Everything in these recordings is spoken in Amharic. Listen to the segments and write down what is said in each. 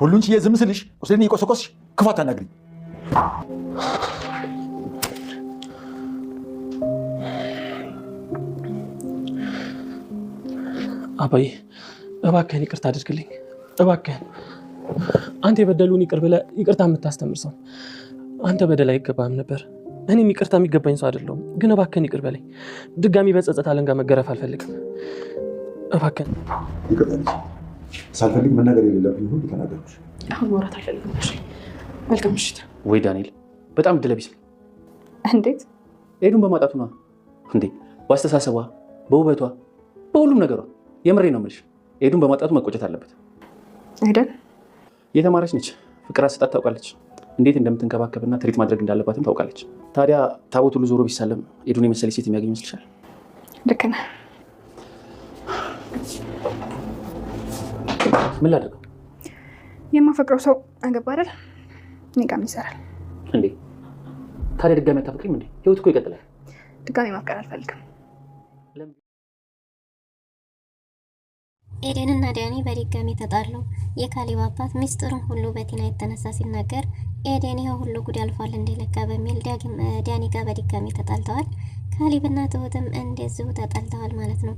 ሁሉን ችዬ ዝም ስልሽ ቁስሌን እየቆሰቆስሽ ክፉ አታናግሪኝ። አባዬ እባክህን ይቅርታ አድርግልኝ። እባክህን አንተ የበደሉን ይቅር ብለህ ይቅርታ የምታስተምር ሰው አንተ በደል አይገባም ነበር። እኔም ይቅርታ የሚገባኝ ሰው አይደለሁም፣ ግን እባክህን ይቅር በለኝ። ድጋሚ በጸጸት አለንጋ መገረፍ አልፈልግም። እባክህን ሳልፈልግ መናገር የሌለብኝ ሁሉ ተናገርኩሽ። አሁን ማውራት አልፈልግም። መልካም ምሽት። ወይ ዳንኤል በጣም ድለቢስ እንዴት ኤዱን በማጣቱ ነዋ እንዴ! በአስተሳሰቧ፣ በውበቷ፣ በሁሉም ነገሯ የምሬ ነው የምልሽ። ኤዱን በማጣቱ መቆጨት አለበት። ኤደን የተማረች ነች፣ ፍቅር አሰጣጥ ታውቃለች፣ እንዴት እንደምትንከባከብና ትሪት ማድረግ እንዳለባትም ታውቃለች። ታዲያ ታቦት ሁሉ ዞሮ ቢሳለም ኤዱን የመሰለች ሴት የሚያገኝ ይመስልሻል? ልክ ነህ። ምን ላድርገው? የማፈቅረው ሰው አገባ አይደል? እኔ ጋርም ይሰራል እንዴ? ታዲያ ድጋሚ አታፈቅሪም እንዴ? ህይወት እኮ ይቀጥላል። ድጋሚ ማፍቀር አልፈልግም። ኤደን እና ዳኒ በድጋሚ ተጣሉ። የካሌብ አባት ሚስጥሩን ሁሉ በቲና የተነሳ ሲናገር ኤደን ይኸው ሁሉ ጉድ አልፏል እንደለካ በሚል ዳኒ ጋር በድጋሚ ተጣልተዋል። ካሌብና ትሁትም እንደዚሁ ተጣልተዋል ማለት ነው።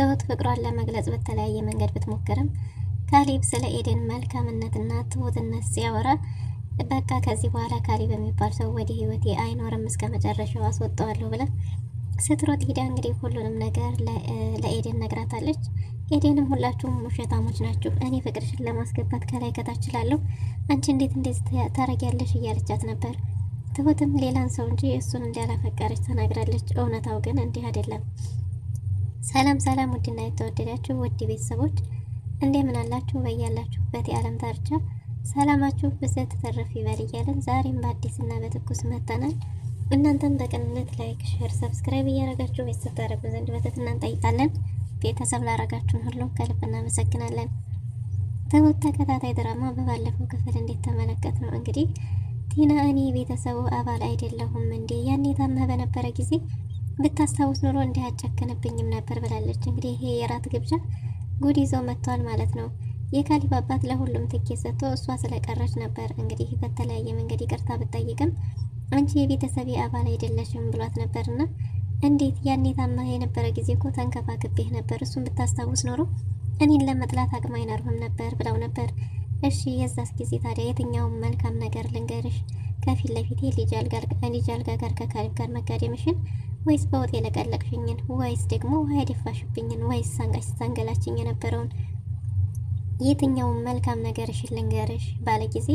ትሁት ፍቅሯን ለመግለጽ በተለያየ መንገድ ብትሞክርም ካሊብ ስለ ኤደን መልካምነትና ትሁትነት ሲያወራ በቃ ከዚህ በኋላ ካሊብ የሚባል ሰው ወደ ህይወቴ አይኖርም እስከ መጨረሻው አስወጣዋለሁ ብላ ስትሮጥ ሂዳ እንግዲህ ሁሉንም ነገር ለኤደን ነግራታለች። ኤደንም ሁላችሁም ውሸታሞች ናችሁ፣ እኔ ፍቅርሽን ለማስገባት ከላይ ከታች እላለሁ፣ አንቺ እንዴት እንዴት ታረጊያለሽ እያለቻት ነበር። ትሁትም ሌላን ሰው እንጂ እሱን እንዳላፈቀረች ተናግራለች። እውነታው ግን እንዲህ አይደለም። ሰላም ሰላም! ውድና የተወደዳችሁ ውድ ቤተሰቦች እንደምን አላችሁ? በያላችሁበት የዓለም ዳርቻ ሰላማችሁ ብዘት ተረፍ ይበል እያለን ዛሬም በአዲስ እና በትኩስ መጥተናል። እናንተም በቅንነት ላይክ፣ ሼር፣ ሰብስክራይብ እያደረጋችሁ ቤተሰብ ታደረጉ ዘንድ በትህትና እንጠይቃለን። ቤተሰብ ላደረጋችሁን ሁሉ ከልብ እናመሰግናለን። ትሁት ተከታታይ ድራማ በባለፈው ክፍል እንዴት ተመለከት ነው እንግዲህ ቲና እኔ የቤተሰቡ አባል አይደለሁም እንዴ ያኔ ታማ በነበረ ጊዜ ብታስታውስ ኑሮ እንዲህ አጨክንብኝም ነበር ብላለች። እንግዲህ ይሄ የራት ግብዣ ጉድ ይዘው መጥቷል ማለት ነው። የካሊብ አባት ለሁሉም ትኬት ሰጥቶ እሷ ስለቀረች ነበር እንግዲህ በተለያየ መንገድ ይቅርታ ብጠይቅም አንቺ የቤተሰብ አባል አይደለሽም ብሏት ነበርና እንዴት ያኔ ታማ የነበረ ጊዜ እኮ ተንከባክቤህ ነበር፣ እሱን ብታስታውስ ኖሮ እኔን ለመጥላት አቅም አይኖርህም ነበር ብለው ነበር። እሺ የዛስ ጊዜ ታዲያ የትኛውም መልካም ነገር ልንገርሽ፣ ከፊት ለፊቴ ልጅ አልጋ ጋር ከካሊብ ጋር መጋደምሽን ወይስ በወጥ የለቀለቅሽኝን ወይስ ደግሞ ውሃ ወይስ ሳንቃሽ ሳንገላችኝ የነበረውን የትኛውን መልካም ነገርሽን ልንገርሽ ባለ ጊዜ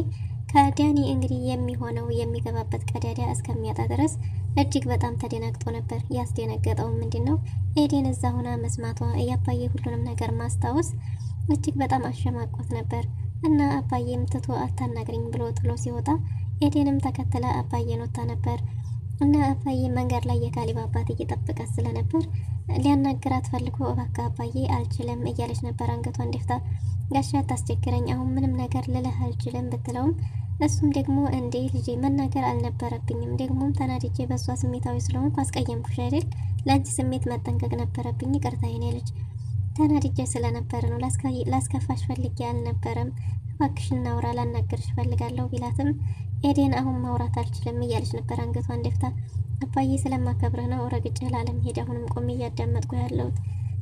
ከዳኒ እንግዲህ የሚሆነው የሚገባበት ቀዳዳ እስከሚያጣ ድረስ እጅግ በጣም ተደናግጦ ነበር። ያስደነገጠው ምንድን ነው ኤዴን እዛ ሆና መስማቷ እያባየ ሁሉንም ነገር ማስታወስ እጅግ በጣም አሸማቆት ነበር እና አባዬም ትቶ አታናግሪኝ ብሎ ጥሎ ሲወጣ ኤዴንም ተከትላ አባዬን ወጣ ነበር። እና አባዬ መንገድ ላይ የካሊብ አባት እየጠበቀ ስለነበር ሊያናግራት ፈልጎ እባክህ አባዬ አልችልም እያለች ነበር አንገቷ ደፍታ። ጋሼ አታስቸግረኝ፣ አሁን ምንም ነገር ልልህ አልችልም ብትለውም እሱም ደግሞ እንዴ ልጄ መናገር አልነበረብኝም፣ ደግሞም ተናድጄ በእሷ ስሜታዊ ስለሆንኩ አስቀየምኩሽ አይደል? ለአንቺ ስሜት መጠንቀቅ ነበረብኝ፣ ይቅርታ የኔ ልጅ። ተናድጄ ስለነበረ ነው ላስከፋሽ ፈልጌ አልነበረም። እባክሽ እናውራ፣ ላናገርሽ ፈልጋለሁ ቢላትም ኤዴን አሁን ማውራት አልችልም እያለች ነበር አንገቷን ደፍታ። አባዬ ስለማከብረህ ነው ረግጬ ላለመሄድ አሁንም ቆሜ እያዳመጥኩ ያለሁት።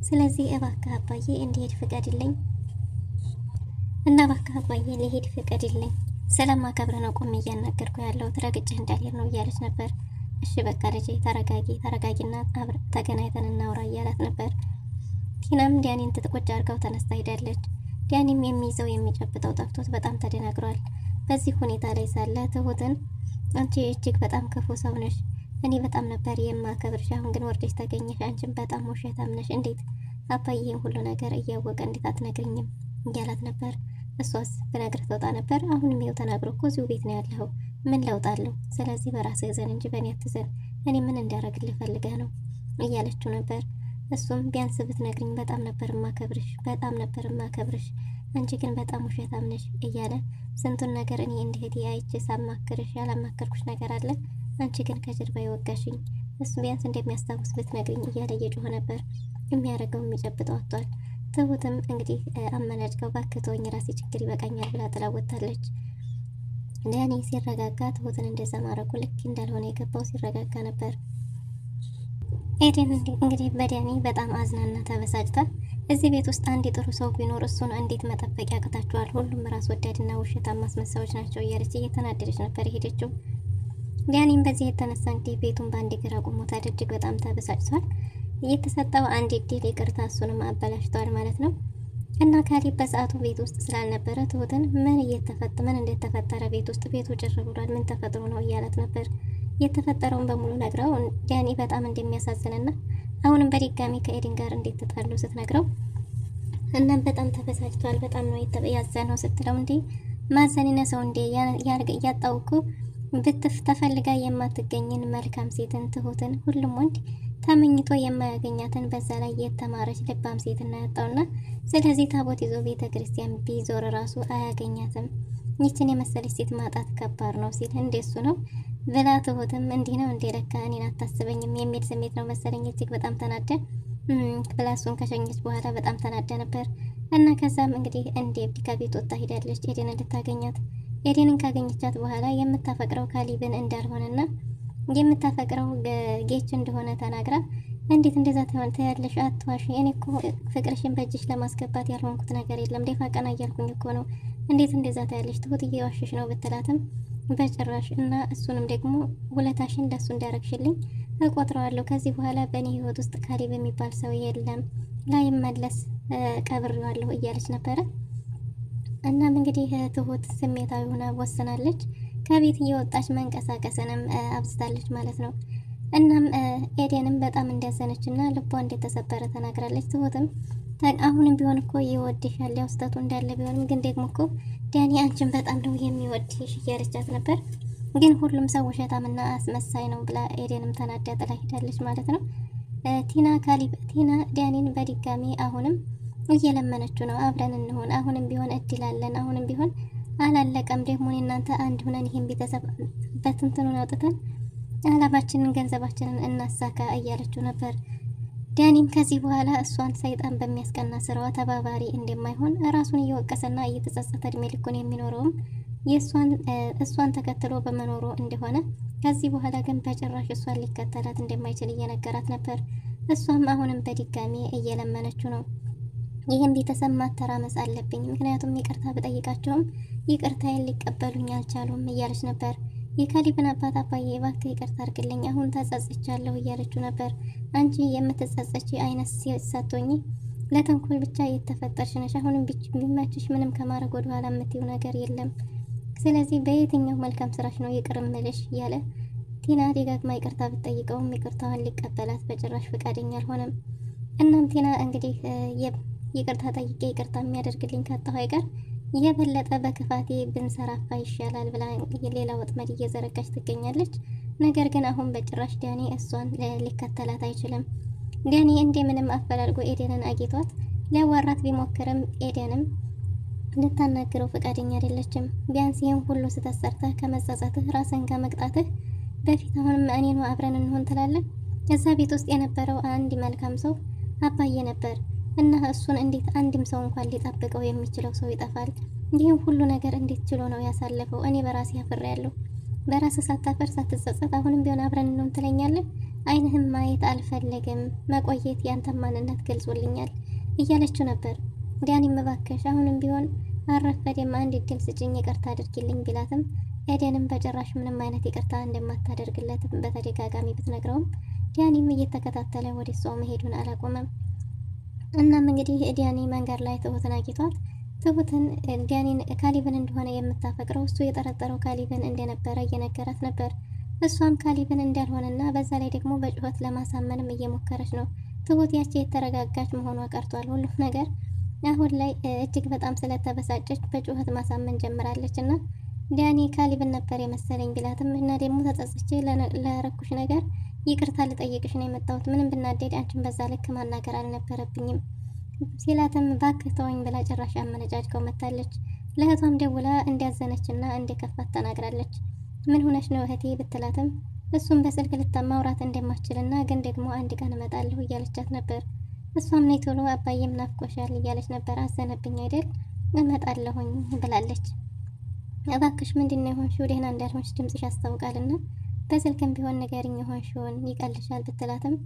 ስለዚህ እባክህ አባዬ እንዲሄድ ፍቀድልኝ እና እባክህ አባዬ ሊሄድ ፍቀድልኝ። ስለማከብረህ ነው ቆሜ እያናገርኩ ያለሁት ረግጬ እንዳልሄድ ነው እያለች ነበር። እሺ በቃ ልጄ ተረጋጊ፣ ተረጋጊና አብረን ተገናኝተን እናውራ እያላት ነበር። ቲናም ዲያኒን ትጥቆጭ አድርጋው ተነስታ ሄዳለች። ዲያኒም የሚይዘው የሚጨብጠው ጠፍቶት በጣም ተደናግሯል። በዚህ ሁኔታ ላይ ሳለ ትሁትን አንቺ እጅግ በጣም ክፉ ሰው ነሽ፣ እኔ በጣም ነበር የማከብርሽ። አሁን ግን ወርደሽ ተገኘሽ። አንቺን በጣም ውሸታም ነሽ። እንዴት አባዬ ሁሉ ነገር እያወቀ እንዴት አትነግርኝም እያላት ነበር። እሷስ ብነግርህ ትወጣ ነበር። አሁንም ይኸው ተናግሮ እኮ እዚሁ ቤት ነው ያለው ምን ለውጥ አለው? ስለዚህ በራስህ ዘን እንጂ በእኔ አትዘን። እኔ ምን እንዳረግልህ ፈልገህ ነው እያለችው ነበር። እሱም ቢያንስ ብትነግርኝ በጣም ነበር ማከብርሽ፣ በጣም ነበር ማከብርሽ አንቺ ግን በጣም ውሸታም ነሽ እያለ ስንቱን ነገር እኔ እንደ እህቴ አይቼ ሳማክርሽ ያላማከርኩሽ ነገር አለ። አንቺ ግን ከጀርባ የወጋሽኝ እሱ ቢያንስ እንደሚያስታውስ ብትነግሪኝ እያለ እየጮኸ ነበር። የሚያደርገው የሚጨብጠው አጥቷል። ትሁትም እንግዲህ አመናጭቀው ባክተወኝ ራሴ ችግር ይበቃኛል ብላ ጥላ ወጥታለች። ዳኒ ሲረጋጋ ትሁትን እንደዛ ማድረጉ ልክ እንዳልሆነ የገባው ሲረጋጋ ነበር። ኤደን እንግዲህ በዳኒ በጣም አዝናና ተበሳጭታል። እዚህ ቤት ውስጥ አንድ ጥሩ ሰው ቢኖር እሱን እንዴት መጠበቅ ያቅታችኋል? ሁሉም ራስ ወዳድና ውሸታም ማስመሳዮች ናቸው እያለች እየተናደደች ነበር የሄደችው። ቢያኔም በዚህ የተነሳ እንግዲህ ቤቱን በአንድ እግር አቁሞታል። እጅግ በጣም ተበሳጭቷል። እየተሰጠው አንድ እድል ይቅርታ እሱንም አበላሽተዋል ማለት ነው። እና ካሌብ በሰዓቱ ቤት ውስጥ ስላልነበረ ትሁትን ምን እየተፈጠ ምን እንደተፈጠረ ቤት ውስጥ ቤቱ ጭር ብሏል፣ ምን ተፈጥሮ ነው እያለት ነበር። የተፈጠረውን በሙሉ ነግረው ያኔ በጣም እንደሚያሳዝንና አሁንም በድጋሚ ከኤዲን ጋር እንዴት ተጣሉ ስትነግረው እናም በጣም ተበሳጭቷል። በጣም ነው ያዘነው ስትለው እንዴ ማዘኔና ሰው እንዴ ያጣውኩ ብትፍ ተፈልጋ የማትገኝን መልካም ሴትን ትሁትን ሁሉም ወንድ ተመኝቶ የማያገኛትን በዛ ላይ የተማረች ልባም ሴት እና ያጣውና ስለዚህ ታቦት ይዞ ቤተ ክርስቲያን ቢዞር ራሱ አያገኛትም። ይችን የመሰለች ሴት ማጣት ከባድ ነው ሲል እንደሱ ነው ብላ ትሁትም እንዲህ ነው እንዴ ለካ እኔን አታስበኝም የሚል ስሜት ነው መሰለኝ እጅግ በጣም ተናደ ብላ እሱን ከሸኘች በኋላ በጣም ተናደ ነበር እና ከዛም እንግዲህ እንዴ ብዲካ ቤት ወጣ ሄዳለች ኤዴንን እንድታገኛት ኤዴንን ካገኘቻት በኋላ የምታፈቅረው ካሊብን እንዳልሆነና የምታፈቅረው ጌች እንደሆነ ተናግራ እንዴት እንደዛ ትሆን ያለሽ አትዋሽ። እኔ እኮ ፍቅርሽን በእጅሽ ለማስገባት ያልሆንኩት ነገር የለም ደፋ ቀና እያልኩኝ እኮ ነው። እንዴት እንደዛ ታያለሽ ትሁት እየዋሸሽ ነው ብትላትም በጭራሽ እና እሱንም ደግሞ ውለታሽን እንደሱ እንዳረግሽልኝ እቆጥረዋለሁ። ከዚህ በኋላ በእኔ ህይወት ውስጥ ካሌብ የሚባል ሰው የለም፣ መለስ ቀብሬዋለሁ እያለች ነበረ። እናም እንግዲህ ትሁት ስሜታዊ ሆና ወስናለች። ከቤት እየወጣች መንቀሳቀስንም አብዝታለች ማለት ነው። እናም ኤደንም በጣም እንዲያዘነች እና ልቧ እንደተሰበረ ተናግራለች። ትሁትም አሁንም ቢሆን እኮ ይወድሻል፣ ያው ስህተቱ እንዳለ ቢሆንም ግን ደግሞ እኮ ዳኒ አንቺን በጣም ነው የሚወድሽ እያለቻት ነበር። ግን ሁሉም ሰው ውሸታምና አስመሳይ ነው ብላ ኤደንም ተናዳ ጥላ ሄዳለች ማለት ነው። ቲና ካሊብ ቲና ዳኒን በድጋሚ አሁንም እየለመነችው ነው። አብረን እንሆን፣ አሁንም ቢሆን እድል አለን፣ አሁንም ቢሆን አላለቀም። ደግሞ እናንተ አንድ ሁነን ይህን ቤተሰብ በትንትኑን አውጥተን አላማችንን ገንዘባችንን እናሳካ እያለችው ነበር። ዳኒም ከዚህ በኋላ እሷን ሰይጣን በሚያስቀና ስራዋ ተባባሪ እንደማይሆን ራሱን እየወቀሰና እየተጸጸተ እድሜ ልኩን የሚኖረውም እሷን ተከትሎ በመኖሩ እንደሆነ ከዚህ በኋላ ግን በጭራሽ እሷን ሊከተላት እንደማይችል እየነገራት ነበር። እሷም አሁንም በድጋሚ እየለመነችው ነው። ይህም ቤተሰብ ማተራመስ አለብኝ፣ ምክንያቱም ይቅርታ ብጠይቃቸውም ይቅርታዬን ሊቀበሉኝ አልቻሉም እያለች ነበር። የካሊብን አባት አባዬ እባክህ ይቅርታ አድርግልኝ፣ አሁን ተጸጽቻለሁ እያለችው ነበር። አንቺ የምትጸጸች አይነት ሳትሆኚ ለተንኮል ብቻ የተፈጠርሽ ነሽ። አሁንም ቢመችሽ ምንም ከማድረግ ኋላ የምትይው ነገር የለም። ስለዚህ በየትኛው መልካም ስራሽ ነው ይቅር እምልሽ እያለ ቲና ደጋግማ ይቅርታ ብትጠይቀውም ይቅርታዋን ሊቀበላት በጭራሽ ፈቃደኛ አልሆነም። እናም ቲና እንግዲህ ይቅርታ ጠይቄ ይቅርታ የሚያደርግልኝ ካጣሁ አይቀር የበለጠ በክፋቴ ብንሰራፋ ይሻላል ብላ ሌላ ወጥመድ እየዘረጋች ትገኛለች። ነገር ግን አሁን በጭራሽ ዳኒ እሷን ሊከተላት አይችልም። ዳኒ እንደምንም አፈላልጎ ኤደንን አግኝቷት ሊያዋራት ቢሞክርም ኤደንም ልታናግረው ፈቃደኛ አይደለችም። ቢያንስ ይህን ሁሉ ስህተት ሰርተህ ከመጸጸትህ ራስን ከመቅጣትህ በፊት አሁንም እኔኑ አብረን እንሆን ትላለህ። እዛ ቤት ውስጥ የነበረው አንድ መልካም ሰው አባዬ ነበር እና እሱን እንዴት አንድም ሰው እንኳን ሊጠብቀው የሚችለው ሰው ይጠፋል? ይህም ሁሉ ነገር እንዴት ችሎ ነው ያሳለፈው? እኔ በራሴ አፍሬያለሁ። በራስ ሳታፈር ሳትጸጸት አሁንም ቢሆን አብረን ነው ትለኛለን። አይንህም ማየት አልፈለግም መቆየት ያንተን ማንነት ገልጾልኛል እያለችው ነበር። ዳኒም እባክሽ አሁንም ቢሆን አረፈደም አንድ እድል ስጭኝ ይቅርታ አድርጊልኝ ቢላትም ኤደንም በጭራሽ ምንም አይነት ይቅርታ እንደማታደርግለት በተደጋጋሚ ብትነግረውም ዲያኒም እየተከታተለ ወደ እሷ መሄዱን አላቆመም። እናም እንግዲህ ዲያኒ መንገድ ላይ ትሁትን አግኝቷት ትሁትን ዳኒን ካሊብን እንደሆነ የምታፈቅረው እሱ የጠረጠረው ካሊብን እንደነበረ እየነገራት ነበር። እሷም ካሊብን እንዳልሆነና በዛ ላይ ደግሞ በጩኸት ለማሳመንም እየሞከረች ነው። ትሁት ያቺ የተረጋጋች መሆኗ ቀርቷል። ሁሉም ነገር አሁን ላይ እጅግ በጣም ስለተበሳጨች በጩኸት ማሳመን ጀምራለች። እና ዳኒ ካሊብን ነበር የመሰለኝ ቢላትም እና ደግሞ ተጸጽቼ ለረኩሽ ነገር ይቅርታ ልጠይቅሽ ነው የመጣሁት። ምንም ብናደድ አንቺን በዛ ልክ ማናገር አልነበረብኝም ሲላትም እባክህ ተወኝ ብላ ጭራሽ አመነጫጭቀው መታለች። ለእህቷም ደውላ እንዳዘነችና እንደከፋት ተናግራለች። ምን ሆነች ነው እህቴ ብትላትም እሱም በስልክ ልታ ማውራት እንደማትችልና ግን ደግሞ አንድ ቀን እመጣለሁ እያለቻት ነበር። እሷም ነይ ቶሎ አባዬም ናፍቆሻል እያለች ነበር። አዘነብኝ አይደል እመጣለሁኝ ብላለች። እባክሽ ምንድን ነው የሆንሽው? ደህና እንዳልሆንሽ ድምፅሽ ያስታውቃልና በስልክም ቢሆን ንገሪኝ የሆንሽውን ይቀልሻል ብትላትም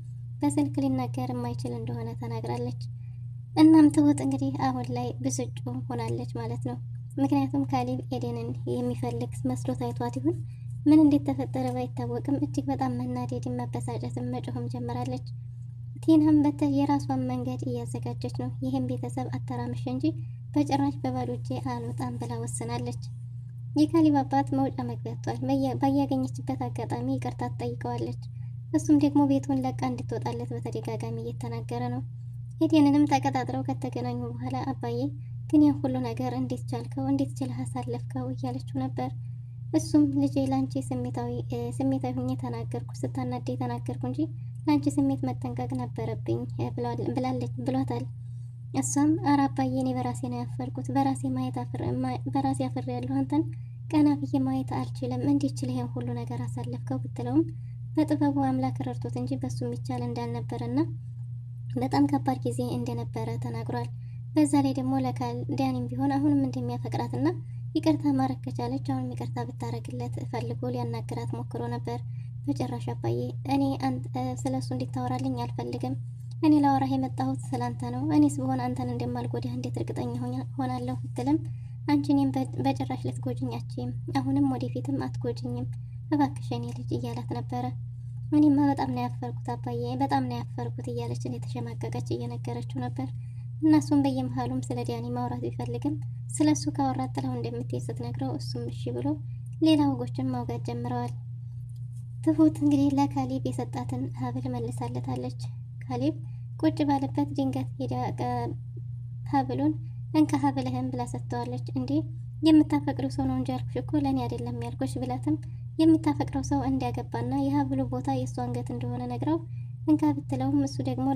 በስልክ ሊናገር የማይችል እንደሆነ ተናግራለች። እናም ትሁት እንግዲህ አሁን ላይ ብስጩ ሆናለች ማለት ነው። ምክንያቱም ካሊብ ኤደንን የሚፈልግ መስሎ አይቷት ይሁን ምን እንዴት ተፈጠረ ባይታወቅም እጅግ በጣም መናደድ መበሳጨትን፣ መጮህም ጀምራለች። ቲናም በተ የራሷን መንገድ እያዘጋጀች ነው። ይህም ቤተሰብ አተራምሽ እንጂ በጭራሽ በባዶ እጄ አልወጣም ብላ ወስናለች። የካሊብ አባት መውጫ መግቢያ ባያገኘችበት አጋጣሚ ይቅርታ ትጠይቀዋለች። እሱም ደግሞ ቤቱን ለቃ እንድትወጣለት በተደጋጋሚ እየተናገረ ነው። ኤደንንም ተቀጣጥረው ከተገናኙ በኋላ አባዬ ግን ያ ሁሉ ነገር እንዴት ቻልከው? እንዴት ችለህ አሳለፍከው? እያለችው ነበር። እሱም ልጄ ለአንቺ ስሜታዊ ስሜታዊ ሁኜ ተናገርኩ፣ ስታናደ የተናገርኩ እንጂ ለአንቺ ስሜት መጠንቀቅ ነበረብኝ ብላለች ብሏታል። እሷም አረ አባዬ እኔ በራሴ ነው ያፈርኩት፣ በራሴ ማየት በራሴ አፍሬ ያለሁ አንተን ቀና ብዬ ማየት አልችልም፣ እንዴት ችለህ ያን ሁሉ ነገር አሳለፍከው? ብትለውም በጥበቡ አምላክ ረድቶት እንጂ በእሱ የሚቻል እንዳልነበረና በጣም ከባድ ጊዜ እንደነበረ ተናግሯል። በዛ ላይ ደግሞ ለካል ዳኒም ቢሆን አሁንም እንደሚያፈቅራትና ይቅርታ ማድረግ ከቻለች አሁንም ይቅርታ ብታረግለት ፈልጎ ሊያናግራት ሞክሮ ነበር። በጭራሽ አባዬ እኔ ስለ እሱ እንዲታወራልኝ አልፈልግም። እኔ ላወራህ የመጣሁት ስለ አንተ ነው። እኔስ ብሆን አንተን እንደማልጎዳህ እንዴት እርግጠኛ ሆናለሁ ብትልም አንቺ እኔም በጭራሽ ልትጎጅኛችም፣ አሁንም ወደፊትም አትጎጅኝም እባክሽ እኔ ልጅ እያላት ነበረ። እኔማ በጣም ነው ያፈርኩት አባዬ፣ በጣም ነው ያፈርኩት እያለች እየተሸማቀቀች እየነገረችው ነበር። እናሱም በየመሀሉም ስለ ዲያኒ ማውራት ቢፈልግም ስለ እሱ ካወራት ጥላው እንደምትሄድ ስትነግረው እሱም እሺ ብሎ ሌላ ወጎችን ማውጋት ጀምረዋል። ትሁት እንግዲህ ለካሊብ የሰጣትን ሀብል መልሳለታለች። ካሊብ ቁጭ ባለበት ድንገት ሄዳ ሀብሉን እንካ ሀብልህን ብላ ሰጥተዋለች። እንዲህ የምታፈቅዱ ሰው ነው እንጂ ያልኩሽ እኮ ለእኔ አይደለም ያልኩሽ ብላትም የምታፈቅረው ሰው እንዲያገባና የሀብሉ ቦታ የእሱ አንገት እንደሆነ ነግረው እንካ ብትለውም እሱ ደግሞ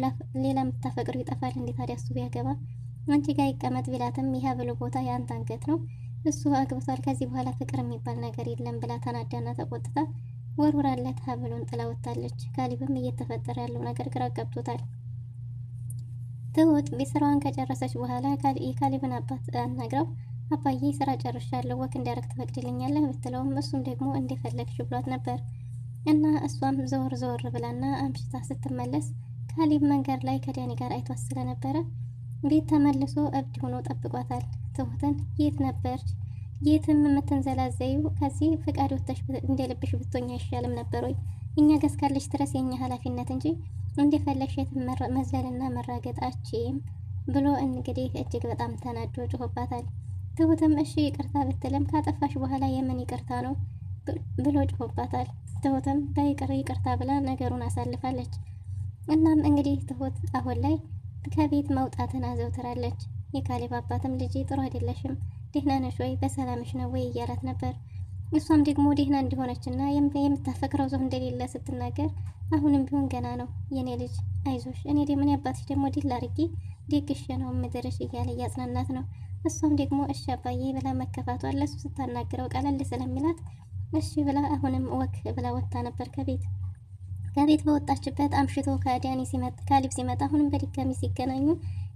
ሌላ የምታፈቅረው ይጠፋል እንዴ ታዲያ እሱ ቢያገባ አንቺ ጋር ይቀመጥ ቢላትም የሀብሉ ቦታ የአንተ አንገት ነው እሱ አግብቷል ከዚህ በኋላ ፍቅር የሚባል ነገር የለም ብላ ተናዳና ተቆጥታ ወርውራለት ሀብሉን ጥላ ወጥታለች ካሊብም እየተፈጠረ ያለው ነገር ግራ ገብቶታል ትውጥ ቤት ስራዋን ከጨረሰች በኋላ የካሊብን አባት አናግረው አባዬ ስራ ጨርሻለሁ፣ ወክ እንዲያረግ ትፈቅድልኛለህ ብትለውም እሱም ደግሞ እንደፈለግሽ ብሏት ነበር እና እሷም ዘወር ዘወር ብላና አምሽታ ስትመለስ ካሊብ መንገድ ላይ ከዳኒ ጋር አይቷት ስለነበረ ቤት ተመልሶ እብድ ሆኖ ጠብቋታል። ትሁትን የት ነበር የትም የምትንዘላዘዩ ከዚህ ፍቃድ ወጥተሽ እንደልብሽ ብትሆኝ አይሻልም ነበር ወይ? እኛ ገስካለሽ ድረስ የኛ ኃላፊነት እንጂ እንደፈለግሽ የትም መዝለልና መራገጥ አችም ብሎ እንግዲህ እጅግ በጣም ተናዶ ጮሆባታል። ትሁትም እሺ ይቅርታ ብትለም ካጠፋሽ በኋላ የምን ይቅርታ ነው ብሎ ጮሆባታል። ትሁትም በይቅር ይቅርታ ብላ ነገሩን አሳልፋለች። እናም እንግዲህ ትሁት አሁን ላይ ከቤት መውጣትን አዘውትራለች። የካሌብ አባትም ልጄ ጥሩ አይደለሽም፣ ደህና ነሽ ወይ? በሰላምሽ ነው ወይ እያላት ነበር። እሷም ደግሞ ደህና እንደሆነችና የምታፈቅረው ሰው እንደሌለ ስትናገር አሁንም ቢሆን ገና ነው የኔ ልጅ አይዞሽ፣ እኔ ደግሞ አባትሽ ደግሞ ድል አድርጌ ደግሼ ነው ምድርሽ እያለ እያጽናናት ነው። እሷም ደግሞ እሺ አባዬ ብላ መከፋቷ ለሱ ስታናግረው ቀለል ስለሚላት እሺ ብላ አሁንም ወክ ብላ ወጥታ ነበር ከቤት ከቤት በወጣችበት አምሽቶ ከዳኒ ሲመጣ ካሊብ ሲመጣ አሁንም በድጋሚ ሲገናኙ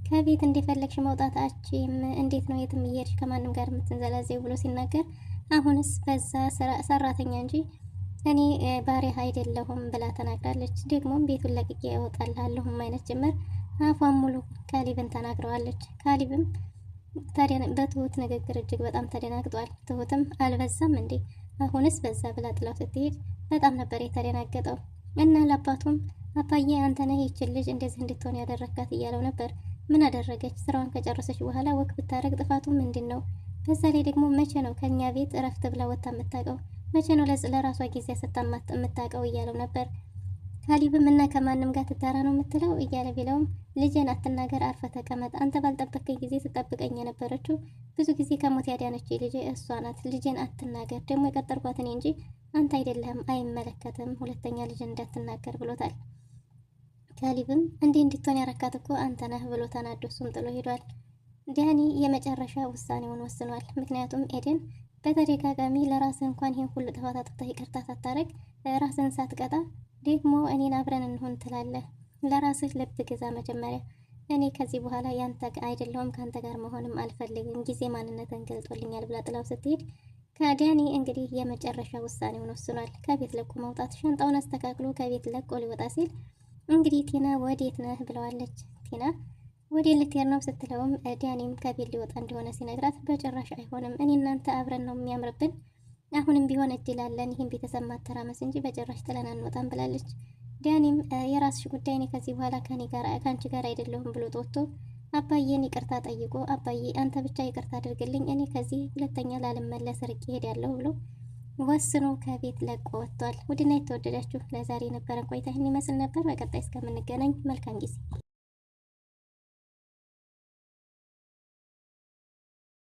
ከቤት እንደፈለግሽ መውጣት አችም እንዴት ነው የትም እየሄድሽ ከማንም ጋር የምትንዘላዘው ብሎ ሲናገር አሁንስ በዛ ሰራተኛ እንጂ እኔ ባሪያ አይደለሁም ብላ ተናግራለች። ደግሞ ቤቱን ለቅቄ እወጣላለሁም አይነት ጭምር አፏን ሙሉ ካሊብን ተናግረዋለች። ካሊብም በትሁት ንግግር እጅግ በጣም ተደናግጧል። ትሁትም አልበዛም እንዴ አሁንስ በዛ ብላ ጥላው ስትሄድ በጣም ነበር የተደናገጠው እና ለአባቱም አባዬ አንተ ነህ ይችን ልጅ እንደዚህ እንድትሆን ያደረካት እያለው ነበር። ምን አደረገች? ስራዋን ከጨረሰች በኋላ ወክ ብታደረግ ጥፋቱ ምንድን ነው? በዛ ላይ ደግሞ መቼ ነው ከእኛ ቤት እረፍት ብላ ወታ የምታውቀው? መቼ ነው ለራሷ ጊዜ ስታ የምታውቀው? እያለው ነበር ካሊብም እና ከማንም ጋር ትዳራ ነው የምትለው እያለ ቢለውም ልጄን አትናገር፣ አርፈ ተቀመጥ። አንተ ባልጠበቀኝ ጊዜ ትጠብቀኝ የነበረችው ብዙ ጊዜ ከሞት ያዳነች ልጄ እሷ ናት። ልጄን አትናገር፣ ደግሞ የቀጠርኳት እኔ እንጂ አንተ አይደለህም፣ አይመለከትም። ሁለተኛ ልጅ እንዳትናገር ብሎታል። ካሊብም እንዲህ እንድትሆን ያረካት እኮ አንተ ነህ ብሎ ተናዶ እሱም ጥሎ ሄዷል። ዳኒ የመጨረሻ ውሳኔውን ወስኗል። ምክንያቱም ኤደን በተደጋጋሚ ለራስህ እንኳን ይህን ሁሉ ጥፋት አጥፍተህ ይቅርታ ሳታረግ ራስህን ሳትቀጣ ደግሞ እኔን አብረን እንሆን ትላለህ። ለራስህ ልብ ግዛ መጀመሪያ። እኔ ከዚህ በኋላ ያንተ አይደለሁም ከአንተ ጋር መሆንም አልፈልግም፣ ጊዜ ማንነትን ገልጦልኛል ብላ ጥላው ስትሄድ ከዳኒ እንግዲህ የመጨረሻ ውሳኔውን ወስኗል። ከቤት ለቆ መውጣት፣ ሻንጣውን አስተካክሎ ከቤት ለቆ ሊወጣ ሲል እንግዲህ ቲና ወዴት ነህ ብለዋለች። ቲና ወደ ልትሄድ ነው ስትለውም ዳኒም ከቤት ሊወጣ እንደሆነ ሲነግራት በጭራሽ አይሆንም፣ እኔ እናንተ አብረን ነው የሚያምርብን አሁንም ቢሆን እድላለን ይህን ቤተሰብ ማተራመስ እንጂ በጭራሽ ጥለን አንወጣም ብላለች። ዳኒም የራስሽ ጉዳይ፣ እኔ ከዚህ በኋላ ከኔ ጋር ከአንቺ ጋር አይደለሁም ብሎ ጦቶ አባዬን ይቅርታ ጠይቆ አባዬ አንተ ብቻ ይቅርታ አድርግልኝ፣ እኔ ከዚህ ሁለተኛ ላልመለስ ርቄ እሄዳለሁ ብሎ ወስኖ ከቤት ለቆ ወጥቷል። ውድና የተወደዳችሁ ለዛሬ የነበረን ቆይታ ይህን ይመስል ነበር። በቀጣይ እስከምንገናኝ መልካም ጊዜ